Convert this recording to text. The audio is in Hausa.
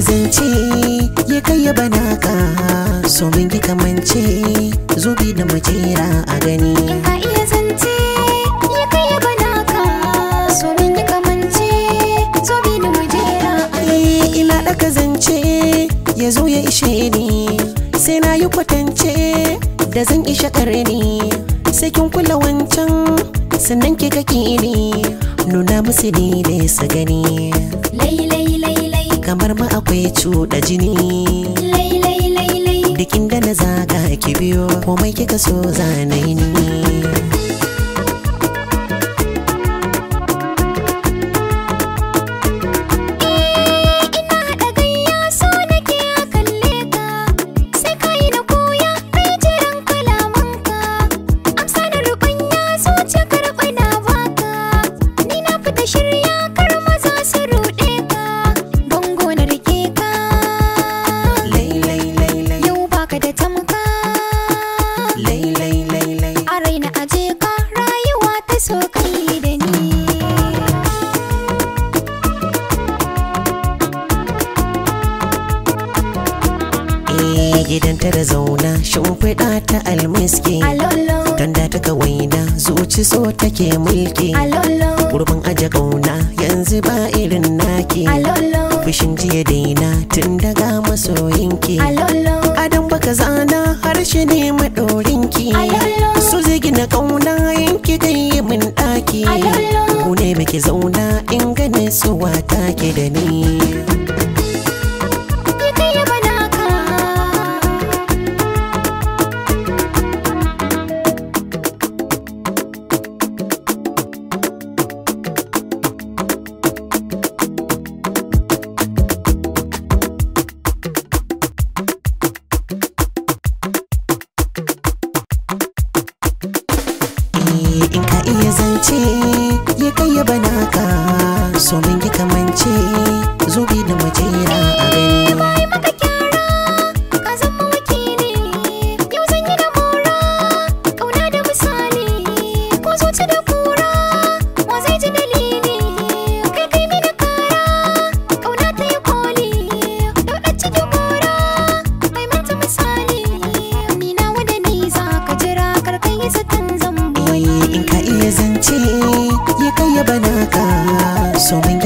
zan zance ya kai ya bana ka so min gi kamance zubi da majera a gani ka iya zance ya kai ya min da eh, ya zo ya ishe ni sai na yi kwatance da zan ishe ni, sai kin kula wancan sannan ke kake ni nuna musu ne da su gani lai lai kamar ma akwai cuɗa jini dikin da na zaga ki biyo komai kika so zanayi ni Gidan ta da zauna shimfiɗa ta almiski ganda ta kawaida zuci so take mulki gurbin aje kauna yanzu ba irin naki fushin jiya daina tun daga masoyinki Adon baka zana harshe ne maɗorinki su zigi na ƙauna yanki ganye min ɗaki ku ne muke zauna in gane su wata ke da ni zance ya kai ya banaka so mun yi kamance zubi da mace so many